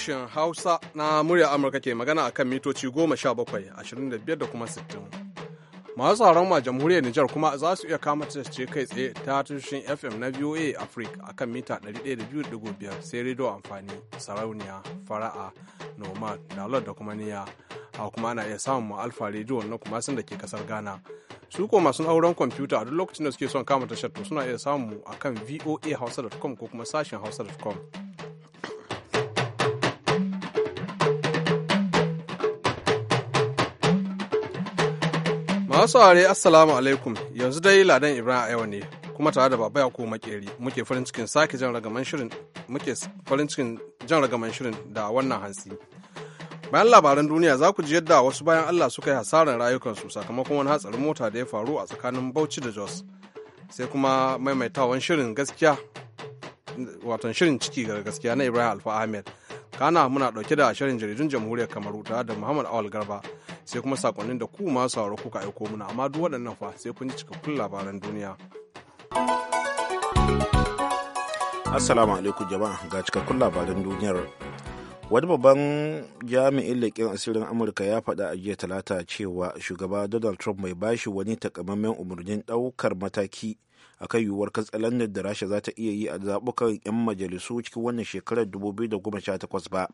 sashen Hausa na murya Amurka ke magana akan mitoci 17,25 da kuma 60. Masu tsaron ma jamhuriyar Nijar kuma za su iya kama ce kai tsaye ta tushen FM na VOA Africa akan mita 102.5 sai rediyo amfani sarauniya fara'a noma dalar da kuma niya a kuma ana iya samun mu alfa rediyo na kuma sun da ke kasar Ghana. Su ko masu auren kwamfuta a duk lokacin da suke son kama tashar to suna iya samu akan Hausa.com ko kuma sashen hausa.com. Masu ware Assalamu alaikum yanzu dai Ladan Ibrahim a yau ne kuma tare da Baba Yakubu Makeri muke farin cikin sake jan ragaman shirin muke farin cikin jan ragaman shirin da wannan hansi Bayan labaran duniya za ku ji yadda wasu bayan Allah suka yi hasarar rayukansu sakamakon wani hatsarin mota da ya faru a tsakanin Bauchi da Jos. Sai kuma maimaitawan shirin gaskiya watan shirin ciki ga gaskiya na Ibrahim Alfa Ahmed. Kana muna dauke da shirin jaridun jamhuriyar Kamaru tare da Muhammad Awal Garba. sai kuma sakonnin da ku masu sauraro kuka aiko muna amma duk waɗannan fa sai kun ji cikakkun labaran duniya. Assalamu alaikum jama'a ga cikakkun labaran duniyar. Wani babban jami'in leƙen asirin Amurka ya faɗa a jiya talata cewa shugaba Donald Trump mai bashi wani takamaiman umarnin ɗaukar mataki a akan yiwuwar katsalandar da rasha za ta iya yi a zaɓukan 'yan majalisu cikin wannan shekarar 2018 ba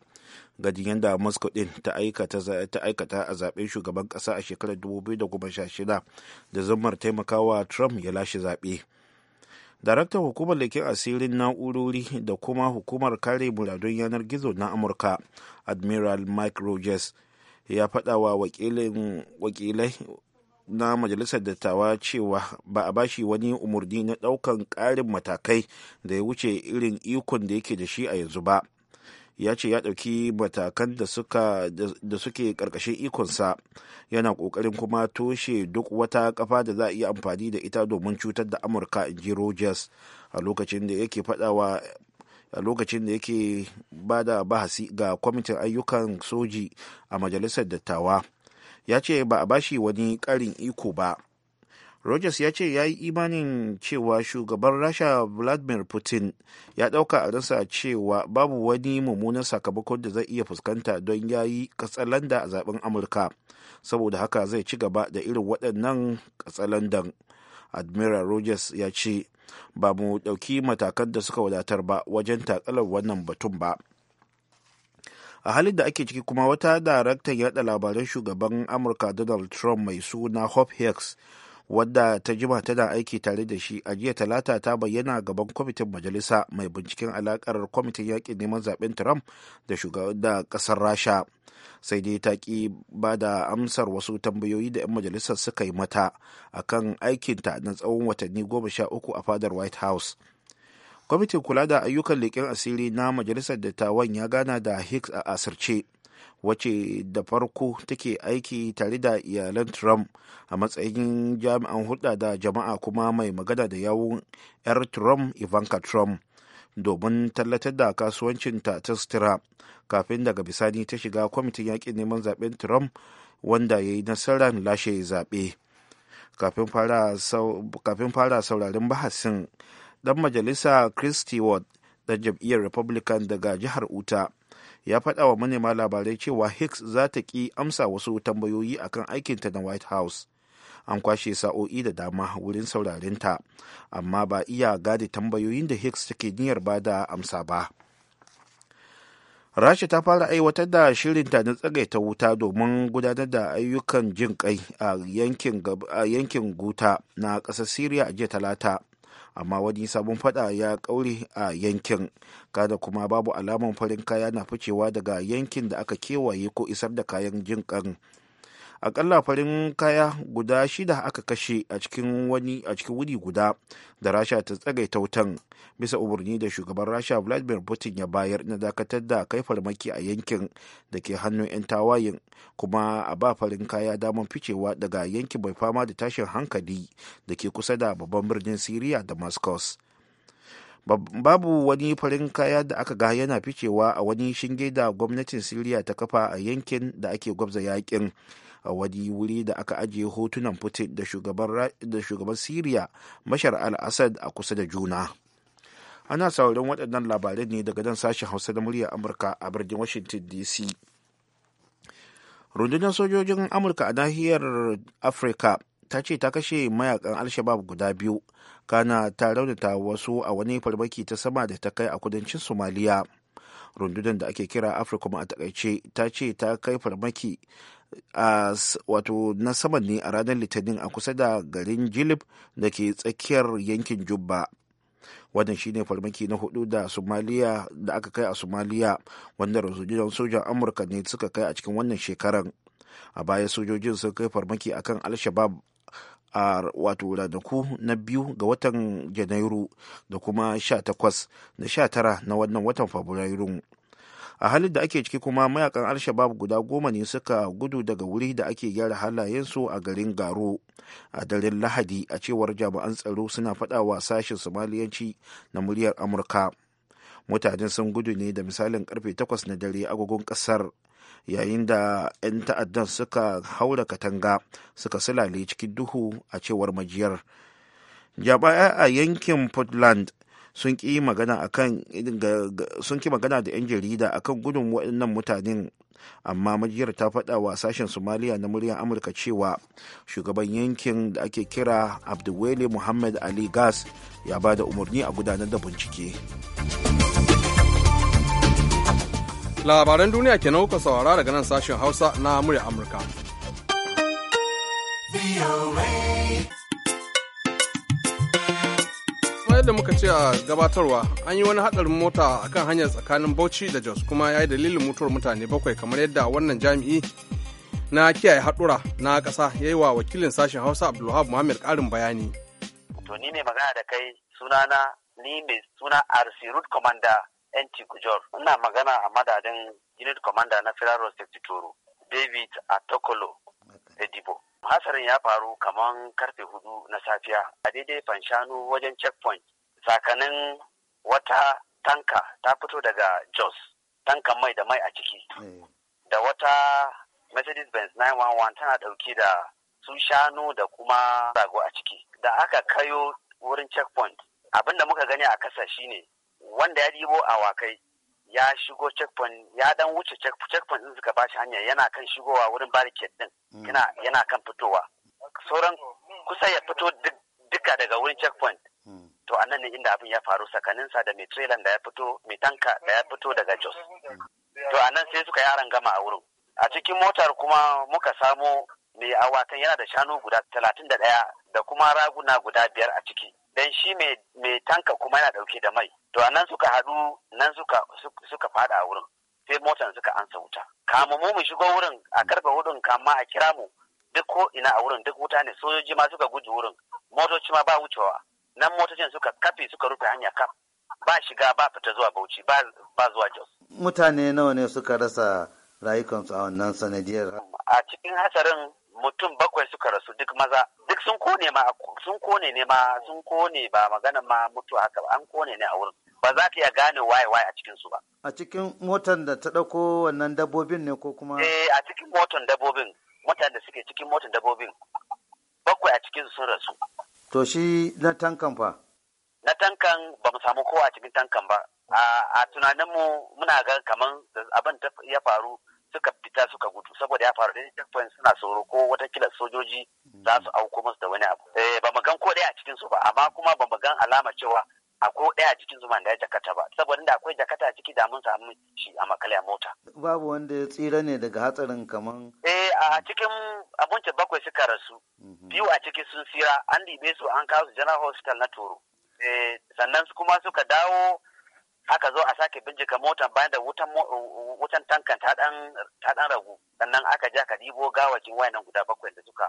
gajin yadda moscow din ta aikata a zaɓen shugaban ƙasa a shekarar 2016 da zammar taimakawa trump ya lashe zaɓe daraktan hukumar leƙen asirin na'urori da kuma hukumar kare muradun yanar gizo na amurka admiral mike rogers ya faɗa wa wakilai na majalisar dattawa cewa ba a bashi wani umarni na ɗaukan ƙarin matakai da ya wuce irin ikon da yake da shi a yanzu ba ya ce ya ɗauki matakan da suke ƙarƙashin ikonsa yana ƙoƙarin kuma toshe duk wata ƙafa da za a iya amfani da ita domin cutar da amurka in ji rogers a lokacin da yake faɗawa a lokacin da yake ba da bahasi ga kwamitin ayyukan soji a majalisar dattawa ya ce ba a bashi wani ƙarin iko ba rogers ya ce ya yi imanin cewa shugaban rasha vladimir putin ya ɗauka a rasa cewa babu wani mummunan sakamakon da zai iya fuskanta don ya yi katsalanda a zaben amurka saboda haka zai ci gaba da irin waɗannan katsalandan admiral rogers ya ce ba mu ɗauki matakan da suka wadatar ba wajen takalar wannan batun ba. a halin da ake ciki kuma wata daraktan yada labaran shugaban amurka donald trump mai suna hope hicks wadda ta jima tana aiki tare da shi a jiya talata ta bayyana gaban kwamitin majalisa mai binciken alakar kwamitin yakin neman zaben trump da shugaban da kasar rasha sai dai ta ki ba da amsar wasu tambayoyi da 'yan majalisar suka yi mata akan aikinta na tsawon watanni goma sha uku a fadar white house kwamitin kula da ayyukan leƙen asiri na majalisar dattawan ya gana da hicks a asirce wace da farko take aiki tare da iyalan trump a matsayin jami'an hulɗa da jama'a kuma mai magana da yawun 'yar trump ivanka trump domin tallatar da kasuwancin ta tastira kafin daga bisani ta shiga kwamitin yakin neman zaben trump wanda ya yi nasarar lashe zaɓe kafin fara sauraren bahasin dan majalisa Christy Ward da jam'iyyar Republican daga jihar Utah ya faɗa wa manema labarai cewa Hicks za ta ƙi amsa wasu tambayoyi akan aikinta na White House. An kwashe sa'o'i da dama wurin saurarinta, amma ba iya gadi tambayoyin da Hicks take niyyar ba da amsa ba. Rasha ta fara aiwatar da shirinta na tsagaita wuta domin gudanar da ayyukan jin kai a yankin guta na ƙasar Siriya a jiya talata. amma wani sabon fada ya kaure a yankin kada kuma babu alaman farin kaya na ficewa daga yankin da aka kewaye ko isar da kayan jin akalla farin kaya guda shida aka kashe a cikin wani a cikin wuri guda da rasha ta tsaga tautan bisa umarni da shugaban rasha vladimir putin ya bayar na dakatar da kai farmaki a yankin da ke hannun 'yan tawayen kuma a ba farin kaya damar ficewa daga yankin mai fama da tashin hankali da ke kusa da babban birnin siriya damascus babu wani farin kaya da aka ga yana ficewa a wani shinge da gwamnatin siriya ta kafa a yankin da ake gwabza yakin a wani wuri da aka ajiye hotunan putin da shugaban siriya mashar al-assad a kusa da juna ana sauran waɗannan labarai ne daga nan sashen hausa da muryar amurka a birnin washington dc rundunar sojojin amurka a nahiyar afirka ta ce ta kashe mayakan alshabab guda biyu kana ta raunata wasu a wani farmaki ta sama da ta kai a kudancin somaliya rundunar da ake kira africom a takaice ta ce ta kai farmaki a wato na saman ne a ranar litinin a kusa da garin jilib da ke tsakiyar yankin jubba wannan shine farmaki na hudu da somaliya da aka kai a somaliya wanda rundunar sojan amurka ne suka kai a cikin wannan shekaran a baya sojojin sun kai farmaki a kan alshabab a wato ranaku na biyu ga watan janairu da kuma 18 da 19 na wannan watan fabrairun a halin da ake ciki kuma mayakan alshabab guda goma ne suka gudu daga wuri da ake gyara su a garin garo a daren lahadi a cewar jami'an tsaro suna faɗa wa sashen somaliyanci na muryar amurka mutanen sun gudu ne da misalin karfe 8 na dare agogon kasar yayin da 'yan ta'addan suka haura katanga suka silale cikin duhu a cewar majiyar jabaya a yankin portland sun ki magana da 'yan jarida a kan gudun waɗannan mutanen amma majiyar ta faɗa wa sashen somaliya na muryar amurka cewa shugaban yankin da ake kira abdulwale muhammad ali gas ya ba da umarni a gudanar da bincike labaran duniya kenan kuka saurara daga nan sashen hausa na murya amurka yadda muka ce a gabatarwa an yi wani hatsarin mota a kan hanyar tsakanin bauchi da jos kuma ya yi dalilin mutuwar mutane bakwai kamar yadda wannan jami'i na kiyaye hadura na ƙasa ya yi wa wakilin sashen hausa abdulwahab muhammad ƙarin bayani to ni ne magana da kai sunana ni mai suna rc root commander nt ina magana a madadin unit commander na federal safety toro david atokolo edibo hasarin ya faru kamar karfe hudu na safiya a daidai fanshanu wajen checkpoint sakanin wata tanka ta fito daga Jos, tankan mai da mai a ciki. Eh. Da wata Mercedes Benz 911 tana ɗauki da su shanu da kuma rago a ciki. Da aka kayo wurin checkpoint, abinda muka gani a kasa shine wanda ya ɗibo awakai ya shigo checkpoint ya dan wuce checkpoint din suka bashi hanya yana kan shigowa wurin barricade din mm. yana kan fitowa sauran kusa ya fito duka daga wurin checkpoint to anan ne inda abin ya faru tsakaninsa da mai trailer da ya fito mai tanka da ya fito daga jos to nan sai suka yaran gama a wurin a cikin motar kuma muka samo mai awakan yana da shanu guda talatin da ɗaya da kuma raguna guda biyar a ciki dan shi mai tanka kuma yana ɗauke da mai to anan suka haɗu nan suka suka fada a wurin sai motar suka ansa wuta kamu mu mu shigo wurin a karfe hudun kama a kira mu duk ko ina a wurin duk wuta ne sojoji ma suka guji wurin motoci ma ba wucewa nan motocin suka kafe suka rufe hanya kam ba shiga ba fita zuwa bauchi ba zuwa jos mutane nawa ne suka rasa rayukansu a wannan sanadiyar a cikin hasarin mutum bakwai suka rasu duk maza duk sun kone ma sun kone ne ma sun kone ba magana ma mutu haka ba an kone ne a wurin ba za ka iya gane waye waye a cikin su ba a cikin motan da ta dauko wannan dabbobin ne ko kuma eh a cikin motan dabbobin mutanen da suke cikin motan dabbobin bakwai a cikin sun rasu To shi na tankan fa? Na tankan ba mu samu kowa cikin tankan ba. A tunaninmu muna ga kaman abin ya faru suka fita suka gudu saboda ya faru dai checkpoint suna tsoro ko watakila sojoji za su mm. auko musu da wani abu. Eh, ba mu gan ko a cikin su ba amma kuma ba mu gan alama cewa a ko ɗaya a cikin zuman da ya jakata ba saboda da akwai jakata a ciki da mun samu shi a makale a mota. Babu wanda ya tsira ne daga hatsarin kaman. Eh a cikin abinci bakwai suka rasu. Mhm. Biyu a ciki sun tsira an dibe su an kawo su General Hospital na Toro. Eh sannan kuma suka dawo aka zo a sake bincika motan bayan da wutan tankan ta ɗan ragu sannan aka ja aka ɗibo gawakin wayannan guda bakwai da suka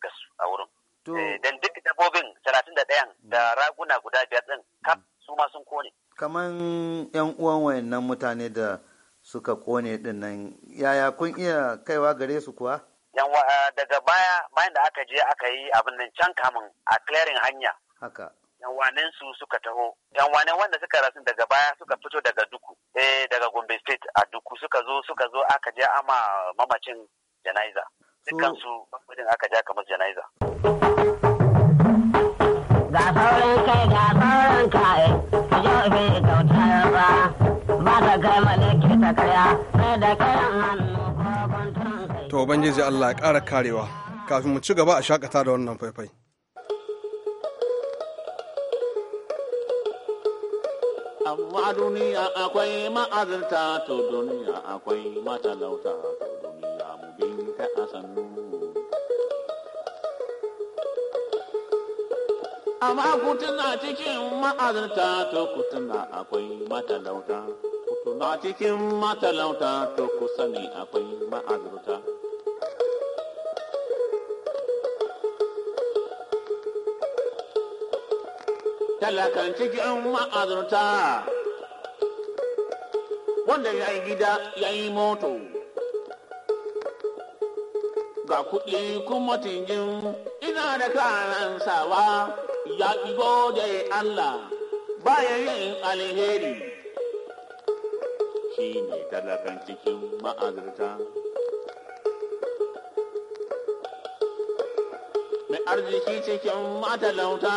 gasu a wurin. Eh, Don duk dabbobin talatin da ɗayan da mm. raguna guda biyar ɗin kaf mm. su ma sun kone. Kaman ‘yan uwan wayannan mutane da suka kone ɗin nan yaya kun iya kaiwa gare su kuwa? Yanwa eh, daga baya bayan da aka je aka yi abin nan can kamun a clearing hanya. Haka. yanwanin su suka taho yanwanin wanda suka rasu daga baya suka fito daga duku eh daga gombe state a duku suka zo suka zo aka je ama mamacin janaiza dukansu babban aka ja kamar janaiza. Ga kai ga da To, Ubangiji Allah ya ƙara karewa, kafin mu ci gaba a shakata da wannan faifai. Amma duniya akwai ma'azinta to duniya akwai matalauta to ka a sannu. Amma kutuna cikin ma'azinta to kutuna akwai matalauta. kutuna cikin matalauta to ku sani akwai ma'azinta. talakan cikin ma'azurta wanda ya yi gida ya yi moto ga kuɗi kuma tingin ina da kanan sawa ya gode Allah bayan yin alheri shi ne talakan cikin ma'azarta. mai arziki cikin matalauta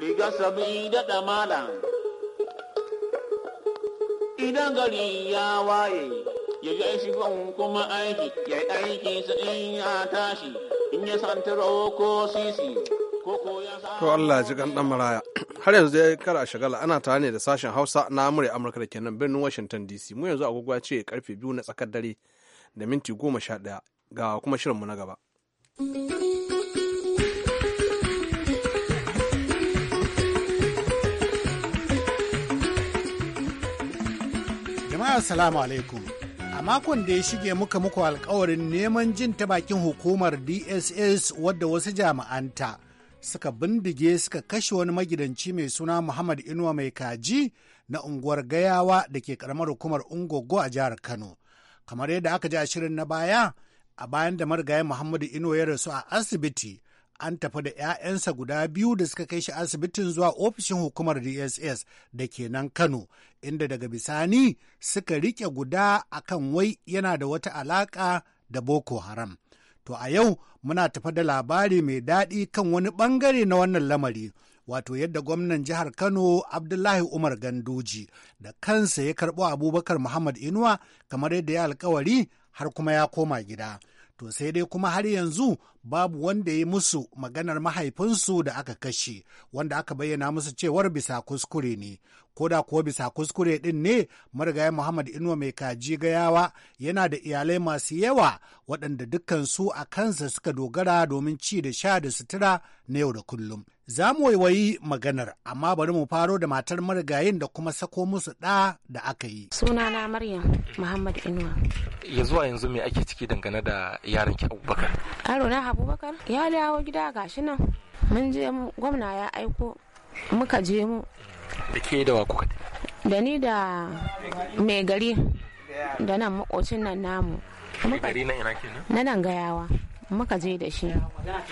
riga sabi da malam. idan gari ya waye ya je shigon kuma aiki ya yi aiki su in ya tashi in ya santaro ko sisi ko ya sa To Allah ji kan dan maraya. Har yanzu dai kar a shagala ana tare ne da sashen Hausa na Amurka Amurka da kenan birnin Washington DC. Mu yanzu agogo ce karfe biyu na tsakar dare da minti goma sha ɗaya ga kuma shirin mu na gaba. Jama'a salamu alaikum. A makon da ya shige muka muku alkawarin neman jin ta bakin hukumar DSS wadda wasu jami'anta suka bindige suka kashe wani magidanci mai suna Muhammad Inuwa mai kaji na unguwar Gayawa da ke karamar hukumar Ungogo a jihar Kano. Kamar yadda aka ji a shirin na baya, a bayan da marigayi Muhammadu Inuwa ya rasu a asibiti, an tafi da 'ya'yansa guda biyu da suka kai shi asibitin zuwa ofishin hukumar dss da ke nan kano inda daga bisani suka rike guda akan wai yana da wata alaka da boko haram to a yau muna tafi da labari mai daɗi kan wani ɓangare na wannan lamari wato yadda gwamnan jihar kano abdullahi umar ganduji da kansa ya karɓo abubakar muhammad inuwa kamar yadda ya alkawari har kuma ya koma gida to sai dai kuma har yanzu babu wanda ya yi musu maganar mahaifinsu da aka kashe wanda aka bayyana musu cewar bisa kuskure ne ko da kuwa bisa kuskure din ne marigaya muhammad inuwa mai kaji gayawa yana da iyalai masu yawa waɗanda dukkansu a kansa suka dogara domin ci da sha da sutura na yau da kullum za mu waiwayi maganar amma bari mu faro da matar marigayin da kuma sako musu ɗa da aka yi sunana maryam muhammad inuwa ya zuwa yanzu me ake ciki dangane da yaran ki abubakar abubakar ya dawo gida gashi nan mun je gwamna ya aiko muka je mu da ke da kuka da ni da mai gari da nan makocin nan namu na nan gayawa muka je da shi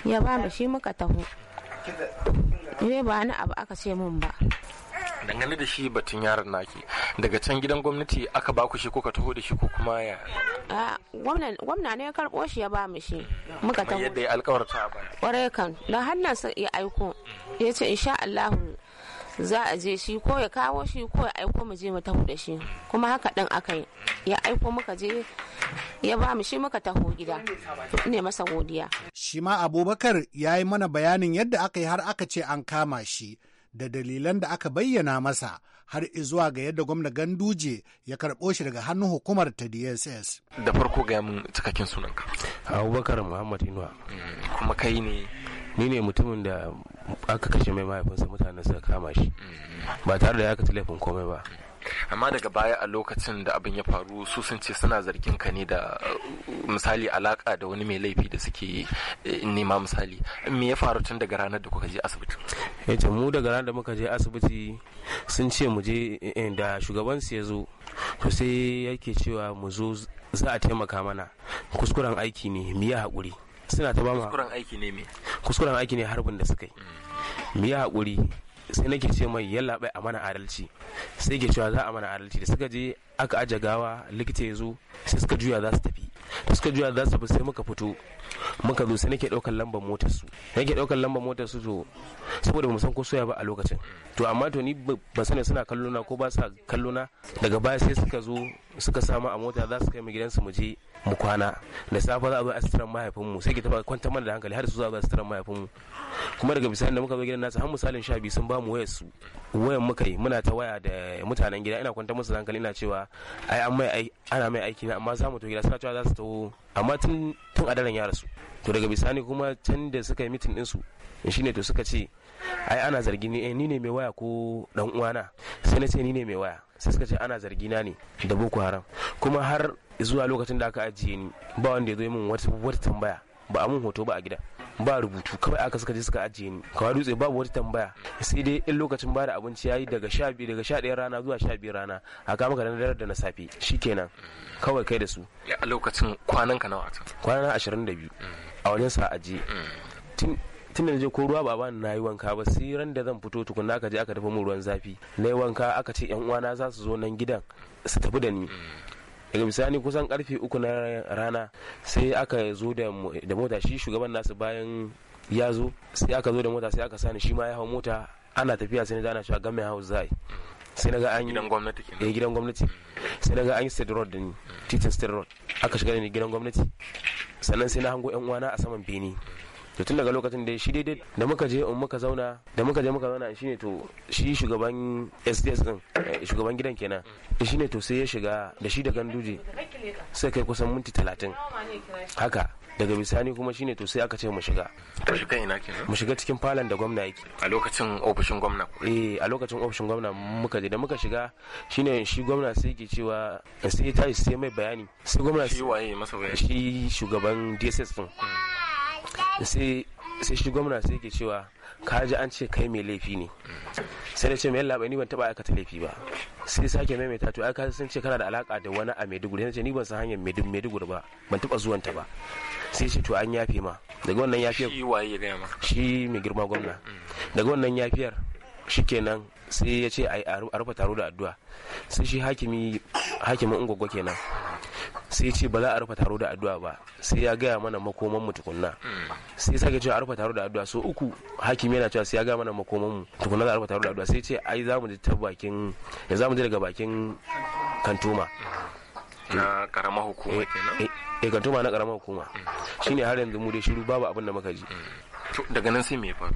ya ba mu shi muka taho ne ba ni abu aka ce mun ba dangane da shi batun yaron naki daga can gidan gwamnati aka baku shi kuka taho da shi ko kuma ya gwamna ne ya karɓo shi ya ba mu shi muka taho yadda ya alkawarta ba kwarai kan hannun sa ya aiko ya ce insha Allah za a je shi ko ya kawo shi ko ya aiko mu je mu taho da shi kuma haka din aka yi ya aiko muka je ya ba mu shi muka taho gida ne masa godiya shi ma abubakar ya yi mana bayanin yadda aka yi har aka ce an kama shi da dalilan da aka bayyana masa har izuwa ga yadda gwamna ganduje ya karɓo shi daga hannun hukumar ta dss da farko ga mun cikakken sunanka abubakar muhammad inuwa mm, kuma kai ne ni ne mutumin da aka kashe mai mahaifinsa mutane suka kama shi mm. ba tare da ya ka telefon komai ba mm. amma daga baya a lokacin da abin ya faru su sun ce suna zargin ka ne da misali alaka da wani mai laifi da suke eh, nema misali me ya faru tun daga ranar da kuka je asibiti eh mu daga ranar da muka je asibiti sun ce mu je eh, da shugaban su ya zo to sai yake cewa mu zo za a taimaka mana kuskuren aiki ne mu yi haƙuri suna ta ba mu kuskuren aiki ne me kuskuren aiki ne harbin da suka yi hmm. mu yi haƙuri sai nake ce mai yalla bai a mana adalci sai ke cewa za a mana adalci da suka je aka aje gawa likita ya zo sai suka juya za su tafi da suka juya za su tafi sai muka fito muka zo sai nake daukar lambar motar su nake daukar lambar motar su to saboda ba mu san ko soya ba a lokacin to amma to ni ba sani suna kallo na ko ba sa kallo na daga baya sai suka zo suka samu a mota za su kai mu gidansu mu je mu kwana da safe za a zo asiran mahaifin mu sai ki taba kwanta mana da hankali har su za a zo mahaifin mu kuma daga bisani da muka zo gidan nasu har misalin sha biyu sun ba mu wayar su wayar muka yi muna ta waya da mutanen gida ina kwanta musu da hankali ina cewa ai an mai ana mai aiki na amma za mu to gida suna cewa za su taho amma tun tun a daren ya rasu su to daga bisani kuma can da suka yi mitin ɗinsu shine to suka ce ai ana zargi ni eh, ni ne mai waya ko dan uwana sai na ce ni ne mai waya sai suka ce ana zargi na ne da boko haram kuma har zuwa lokacin da aka ajiye ni ba wanda ya zo min wata tambaya ba a mun hoto ba a gida ba rubutu kawai aka suka je suka ajiye ni kawai dutse babu wata tambaya sai dai in lokacin ba da abinci yayi daga sha biyu daga sha ɗaya rana zuwa sha biyu rana a kama ka dare da na safe shikenan kawai kai da su a lokacin kwanan ka nawa kwanan ashirin da biyu a wajen sa ajiye mm. tun da je ko ruwa ba bani nayi wanka ba sai ran da zan fito tukunna aka je aka dafa mu ruwan zafi na yi wanka aka ce yan uwana za su zo nan gidan su tafi da ni mm. daga misali kusan karfe uku na rana sai aka zo da mota shi shugaban nasu bayan ya zo sai aka zo da mota sai aka sani shi ma ya hau mota ana tafiya sai na shi a gamin hau zai sai na ga an yi gidan gwamnati eh gidan gwamnati sai na ga an yi state road din titin state road aka shiga ne gidan gwamnati sannan sai na hango yan uwana a saman bene to tun daga lokacin da shi daidai da muka je in muka zauna da muka je muka zauna shine to shi shugaban SDS din eh, shugaban gidan kenan ne to sai ya shiga da shi da ganduje sai kai kusan minti talatin haka daga bisani kuma ne to sai aka ce mu shiga mu shiga ina kenan mu shiga cikin falon da gwamna yake a lokacin ofishin gwamna eh a lokacin ofishin gwamna muka je da muka shiga shine shi gwamna sai yake cewa eh, sai ta yi sai mai bayani sai gwamna shi waye masa bayani shi shugaban DSS din hmm. sai sai shi gwamna sai ke cewa ka ji an ce kai mai laifi ne sai da ce mai labai ni ban taba aikata laifi ba sai sake maimaita to ai ka san ce kana da alaka da wani a Maiduguri sai ce ni ban san hanyar Maiduguri ba ban taba zuwan ta ba sai ce to an yafe ma daga wannan yafiyar shi waye ne ma shi mai girma gwamna mm. daga wannan yafiyar shikenan sai ya ce a rufe taro da addu'a sai shi hakimi hakimin ungwaggo kenan sai ce ba za a rufe taro da addu'a ba sai ya gaya mana makoman mu tukunna sai sake cewa a rufe taro da addu'a so uku hakimi yana cewa sai ya gaya mana makoman mu tukunna za a rufe taro da addu'a sai ce ai za mu je ta bakin ya za mu je daga bakin kantoma na karamar hukuma eh, kenan eh, eh kantoma na karamar hukuma shine har yanzu mu dai shiru babu abin da muka ji daga nan sai me faru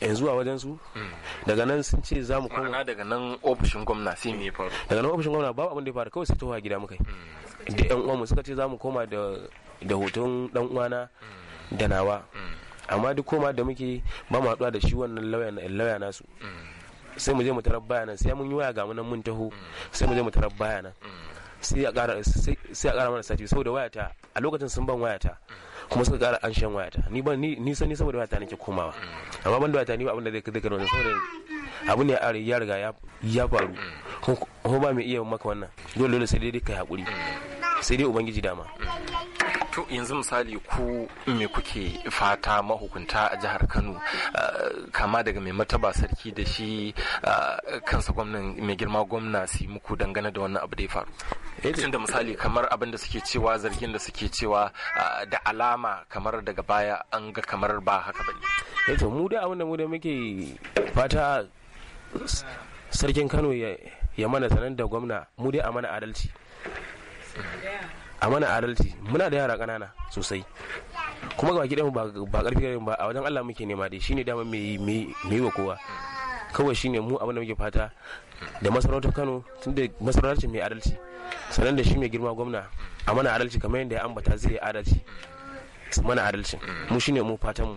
yanzu eh, zuwa wajen su hmm. daga nan sun ce za mu koma ma'ana daga nan ofishin gwamna sai me faru daga nan ofishin gwamna babu abin da ya faru kawai sai towa gida muka hmm. da yan uwanmu suka ce za mu koma da da hoton dan uwana hmm. da nawa amma duk koma da muke ba mu haɗuwa da shi wannan lauya nasu sai mu je mu tarar bayanan sai mun yi waya ga mu nan mun taho sai mu je mu tarar bayanan sai a ƙara mana sati saboda wayata a lokacin sun ban wayata kuma suka ƙara an shan wayata ni ban ni sani saboda wayata nake komawa amma ban da wayata ni ba abin da zai kai wannan saboda abin ne ya riga ya faru ko ba mai iya maka wannan dole dole sai dai kai hakuri sai dai ubangiji dama to yanzu misali ku me kuke fata mahukunta a jihar kano eh, kama daga mai mataba sarki da shi eh, kansa gwamnan mai girma gwamna su muku dangane da wannan abu da ya faru eh, tun da misali kamar abin da suke cewa zargin da suke cewa da alama kamar daga baya an ga kamar ba haka ba. yato mu da abin da mu da muke fata sarkin kano ya mana sanar da gwamna mu dai a mana adalci mm. a mana adalci muna da yara kanana sosai kuma ga gidan ba karfi garin ba a wajen Allah muke nema dai shine dama mai yi wa kowa kawai shine mu abin da muke fata da masarautar Kano tunda masarautar ce mai adalci sannan da shi mai girma gwamna a mana adalci kamar yadda ya ambata zai adalci mana adalci mm. mu shine mu fatan mu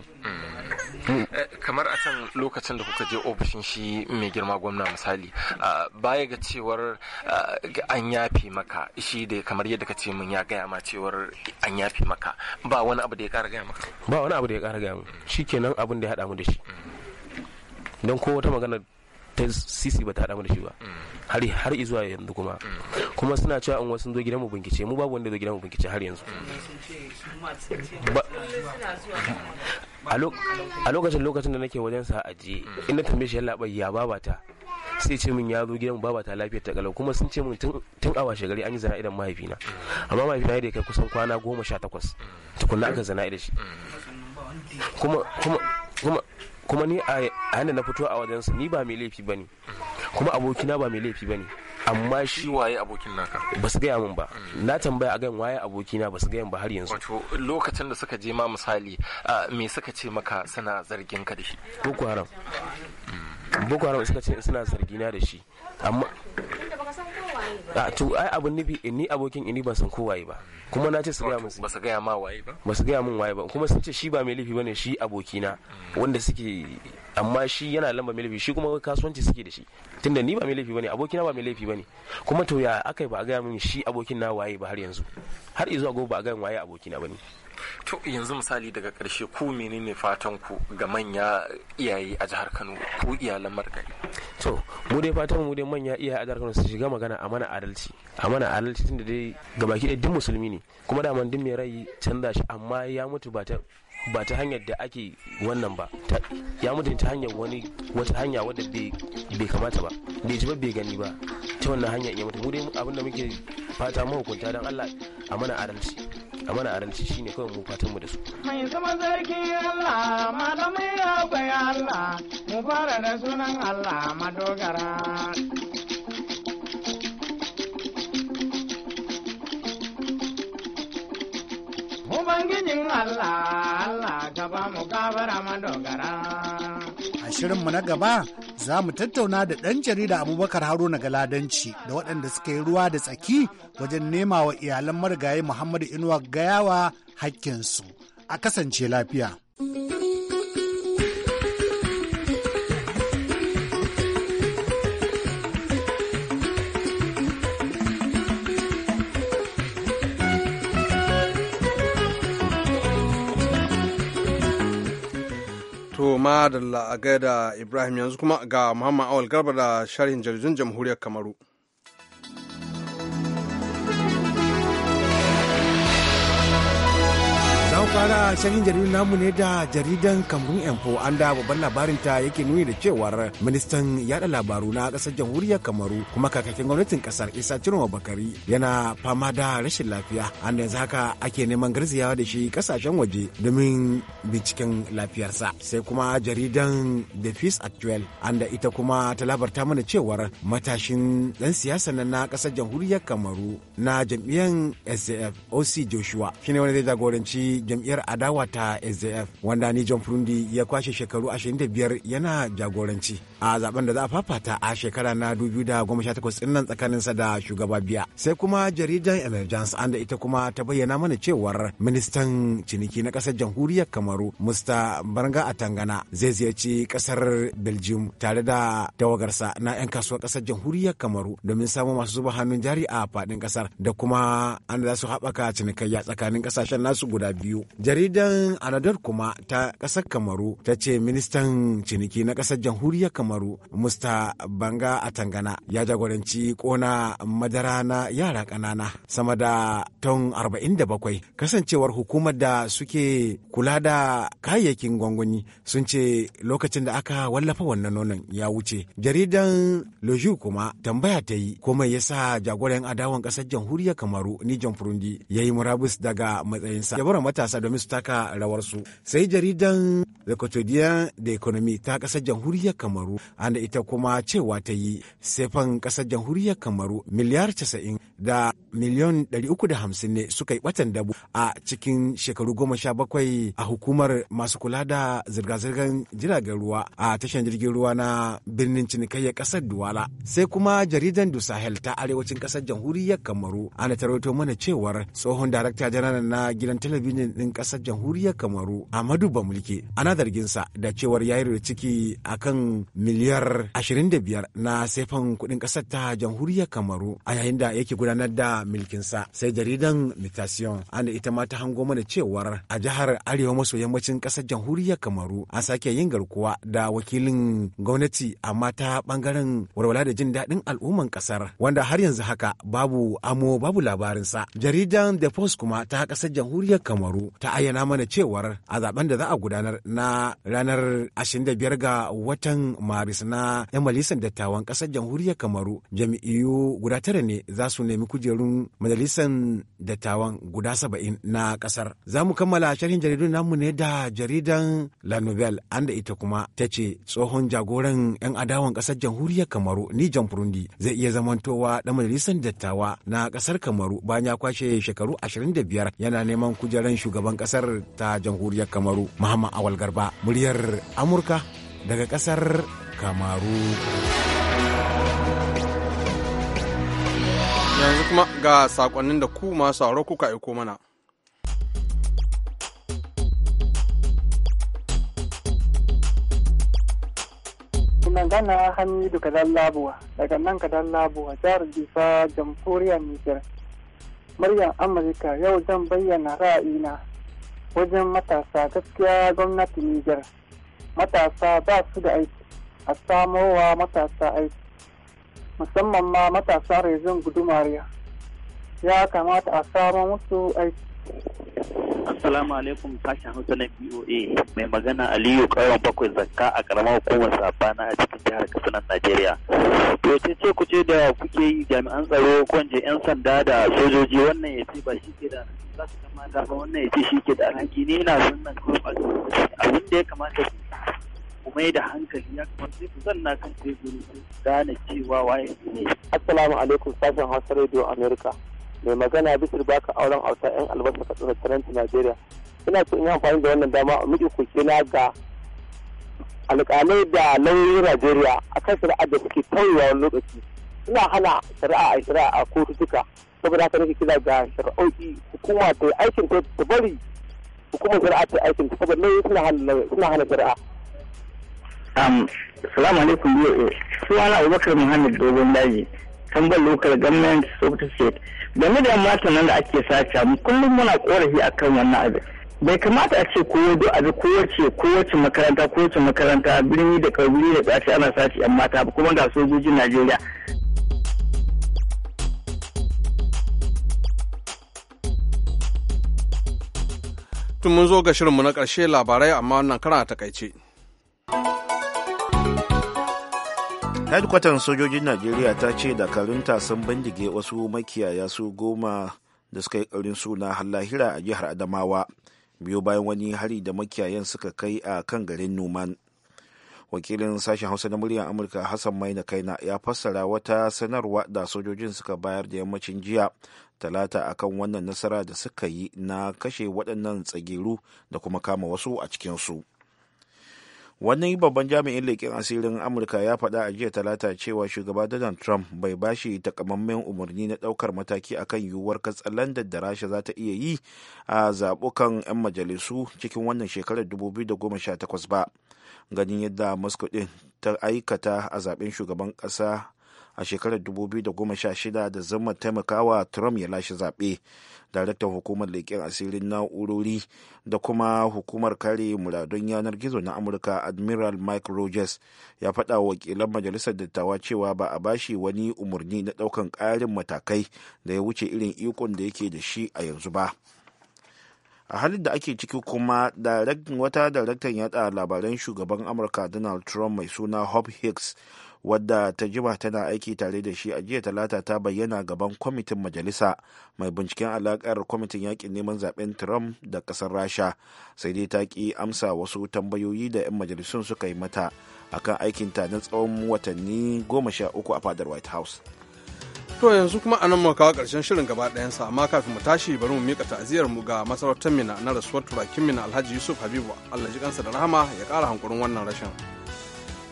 mm. eh, kamar a can lokacin da kuka je ofishin shi mai girma gwamna misali baya ga cewar an yafe maka shi da kamar yadda ka ce min ya gaya ma cewar an yafe maka ba wani abu da ya kara gaya maka ba wani abu da ya kara gaya mu shikenan abin da ya hada mu da shi mm. don ko wata magana ta sisi ba ta haɗa mana shi ba har har zuwa yanzu kuma kuma suna cewa in wasu zo gidan mu bincike mu babu wanda zo gidan mu bincike har yanzu a lokacin lokacin da nake wajen sa aji ina tambaye shi yalla ya babata sai ce min ya zo gidan baba ta lafiyar ta kalau kuma sun ce min tun awa shagari an yi zana idan mahaifina amma mahaifina ya kai kusan kwana goma sha takwas tukunna aka zana idan shi kuma kuma kuma kuma ni a hannun na fito a wajensu ni ba mai laifi ba ne kuma abokina ba mai laifi ba ne amma shi waye abokin naka ba su gaya min ba hmm. na tambaya a gan waye abokina ba su gaya ba har yanzu wato lokacin da suka je ma misali me suka ce maka suna zargin ka da shi boko haram boko haram suka ce suna zargina da shi amma a ah, to ai abun nufi ni abokin ini ban san kowaye ba kuma na ce su gaya musu basu gaya ma waye ba basu gaya min waye ba kuma sun ce shi ba mai laifi bane shi abokina hmm. wanda suke amma shi yana lamba mai laifi shi kuma kasuwanci suke da shi tunda ni ba mai laifi bane abokina ba mai laifi bane kuma to ya akai ba a gaya min shi abokin na waye ba har yanzu har izuwa gobe ba a gaya waye abokina bane to yanzu misali daga karshe ku menene fatan ku ga manya iyaye a jihar Kano ku iyalan margari to mu dai fatan mu dai manya iya a Kano su shiga magana a mana adalci a mana adalci tunda dai gabaki dai duk musulmi ne kuma da man duk mai rai canza shi amma ya mutu ba ta ba ta hanyar da ake wannan ba ya mutu ta hanyar wani wata hanya wadda bai kamata ba bai ji ba bai gani ba ta wannan hanya ya mutu mu dai abinda muke fata mahukunta don Allah a mana adalci a mana aranci shine kawai mu fatan mu da su mai sama zarki Allah malamai akwai Allah mu fara da sunan Allah madogara Ubangijin Allah, Allah ka ba mu kabara madogara. shirinmu na gaba za mu tattauna da ɗan jarida abubakar haruna galadanci da waɗanda suka yi ruwa da tsaki wajen nema wa iyalan marigayi muhammadu inuwa gayawa hakkinsu a kasance lafiya. madalla a gaida ibrahim yanzu kuma ga muhammad awal garba da sharhin jaridun jamhuriyar kamaru fara shirin jaridun namu ne da jaridan Cameroon Info an da babban labarin ta yake nuni da cewar ministan yada labaru na kasar jamhuriyar Kamaru kuma kakakin gwamnatin kasar Isa Chinwa Bakari yana fama da rashin lafiya an da yanzu haka ake neman garziyawa da shi kasashen waje domin binciken lafiyarsa sai kuma jaridan The Peace Actual an da ita kuma ta labarta mana cewar matashin dan siyasa na kasar jamhuriyar Kamaru na jam'iyyar SAF OC Joshua shine wanda zai jagoranci jam'iyyar jam'iyyar adawa ta sdf wanda ni john furundi ya kwashe shekaru 25 yana jagoranci a zaben da za a fafata a shekara na 2018 ɗin nan tsakaninsa da shugaba biya sai kuma jaridan emergence an da ita kuma ta bayyana mana cewar ministan ciniki na kasar jamhuriyar kamaru musta barnga a tangana zai ziyarci kasar belgium tare da tawagarsa na 'yan kasuwar kasar jamhuriyar kamaru domin samun masu zuba hannun jari a faɗin kasar da kuma an da su haɓaka cinikayya tsakanin kasashen nasu guda biyu jaridan anadol kuma ta kasar kamaru ta ce ministan ciniki na kasar jamhuriyar kamaru kamaru musta banga a tangana ya jagoranci kona madara na yara ƙanana sama da ton 47 kasancewar hukumar da suke kula da kayayyakin gwangwani sun ce lokacin da aka wallafa wannan nonon ya wuce jaridan loju kuma tambaya ta yi komai ya sa jagoran adawan ƙasar jamhuriyar kamaru ni nijan furundi ya yi murabus daga matsayinsa ya bar matasa domin su taka rawarsu sai jaridan le da de economy ta ƙasar jamhuriyar kamaru anda da ita kuma cewa ta yi sefan ƙasar jamhuriyar kamaru miliyar 90 da miliyon 350 ne suka yi batan dabu a cikin shekaru goma sha bakwai a hukumar masu kula da zirga-zirgar jiragen ruwa a tashar jirgin ruwa na birnin cinikayyar ƙasar duwala sai kuma jaridan du sahel ta arewacin ƙasar jamhuriyar kamaru ana tarwato mana cewar tsohon darakta janar na gidan talabijin ɗin ƙasar jamhuriyar kamaru amadu bamulke ana zarginsa da cewar yayi ciki akan miliyar 25 na sefan kuɗin ƙasar ta jamhuriyar kamaru a yayin da yake gudanar da milkinsa sai jaridan mutation da ita ma ta hango mana cewar a jihar arewa maso yammacin ƙasar jamhuriyar kamaru an sake yin garkuwa da wakilin gwamnati amma ta ɓangaren warwala da jin daɗin al'umman ƙasar wanda har yanzu haka babu amo babu labarinsa jaridan the post kuma ta ƙasar jamhuriyar kamaru ta ayyana mana cewar a zaben da za a gudanar na ranar 25 ga watan maris na 'yan majalisar dattawan ƙasar jamhuriyar kamaru jam'iyyu guda tara ne za su nemi kujerun majalisar dattawan guda saba'in na ƙasar za mu kammala sharhin jaridun namu ne da jaridan la nouvelle an da ita kuma ta ce tsohon jagoran 'yan adawan ƙasar jamhuriyar kamaru ni burundi zai iya zamantowa ɗan majalisar dattawa na ƙasar kamaru bayan ya kwashe shekaru 25 yana neman kujerun shugaban ƙasar ta jamhuriyar kamaru muhammad awal garba muryar amurka daga ƙasar kamaru yanzu kuma ga sakonnin da ku masu sauro kuka aiko mana magana hamidu kadan labuwa daga nan kadan labuwa jihar jifa jamhuriyar nijar muryar amurka yau zan bayyana ra'ayina wajen matasa gaskiya gwamnati nijar matasa ba su da aiki a samo wa matasa aiki musamman ma matasa rezin gudumariya ya kamata a samo musu aiki Assalamu alaikum sashen Hausa na BOA mai magana Aliyu Karon bakwai zakka a karamar hukumar Sabana a cikin jihar Katsina Najeriya. To ce ce ku ce da kuke yi jami'an tsaro kwanje 'yan sanda da sojoji wannan ya ce ba shi ke da za su kama ba wannan ya ce shi ke da alhaki ne na sunan kuma abin da ya kamata ku mai da hankali ya kamata sai ku zanna kan teburi ku gane cewa waye ne. Assalamu alaikum sashen Hausa Radio America. Mai magana Bishir Baka auren Hausa 'yan albasa ka tsara Tarenti Najeriya. Ina so in yi amfani da wannan dama a miƙe na ga alƙalai da lauyoyin Najeriya a kan shari'a da suke tauyewa wani lokaci. Suna hana shari'a a shari'a a duka Saboda haka nake kira ga shari'o'i hukuma ta aikin ta bari hukumar shari'a ta aikin ta saboda lauyoyi suna hana shari'a. Um, Salamu alaikum BOA. Suwana Abubakar Muhammad Dogon Daji. Tambar lokal government Sokoto state. Game da matan nan da ake sace mu kullum muna korafi akan wannan abin. Bai kamata a ce koyo do abi kowace kowace makaranta kowace makaranta birni da kabiri da tsaci ana sace yan mata ba kuma ga sojojin Najeriya. Tun mun zo ga shirinmu na ƙarshe labarai amma wannan kara a takaice. hedkwatan sojojin najeriya ta ce dakarunta sun bindige wasu makiyaya su goma da suka yi karin suna hallahira a jihar adamawa biyu bayan wani hari da makiyayan suka kai a kan garin numan wakilin sashen hausa na muryar amurka hassan maina kaina ya fassara wata sanarwa da sojojin suka bayar da yammacin jiya talata akan wannan nasara da suka yi na kashe waɗannan tsagiru da kuma kama wasu a cikinsu. wani babban jami'in leƙen asirin amurka ya faɗa a jiya talata cewa shugaba donald trump bai bashi takamammen umarni na ɗaukar mataki akan yiwuwar katsalandar da rasha za ta iya yi a zaɓukan 'yan majalisu cikin wannan shekarar 2018 ba ganin yadda moscow ɗin ta aikata a zaɓen shugaban ƙasa a shekarar 2016 da zama taimakawa trump ya lashe zaɓe daraktan hukumar leƙen asirin na'urori da kuma hukumar kare muradun yanar gizo na amurka admiral mike rogers ya faɗa wakilan majalisar dattawa cewa ba a bashi wani umarni na ɗaukan ƙarin matakai da ya wuce irin ikon da yake da shi a yanzu ba a halin da ake ciki kuma wata daraktan yada labaran shugaban amurka donald trump mai suna hope hicks wadda ta jima tana aiki tare da shi a jiya talata ta bayyana gaban kwamitin majalisa mai binciken alakar kwamitin yakin neman zaben trump da kasar rasha sai dai ta ki amsa wasu tambayoyi da 'yan majalisun suka yi mata akan aikin ta na tsawon watanni goma sha uku a fadar white house To yanzu kuma anan mu kawo karshen shirin gaba sa amma kafin mu tashi bari mu mika ta'aziyar mu ga masarautar Mina na rasuwar turakin Mina Alhaji Yusuf Habibu Allah ji kansa da rahama ya ƙara hankurin wannan rashin.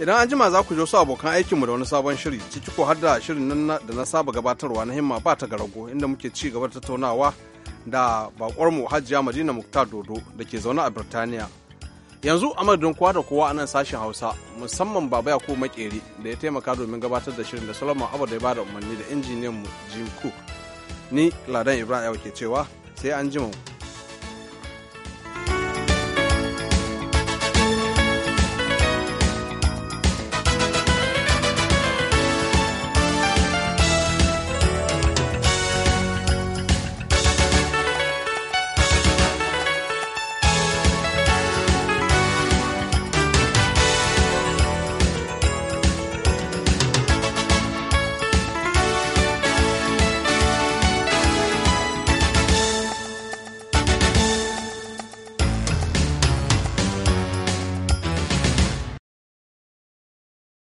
idan an jima za ku jo su abokan aikinmu da wani sabon shiri ciki ko har da shirin nan da na saba gabatarwa na himma ba ta garago inda muke ci gaba da tattaunawa da bakwarmu hajiya madina muktar dodo da ke zaune a birtaniya yanzu a madadin kowa da kowa a nan sashen hausa musamman baba ya makeri da ya taimaka domin gabatar da shirin da solomon abu da ya bada umarni da injiniyan mu jim cook ni ladan ibrahim ke cewa sai an jima mu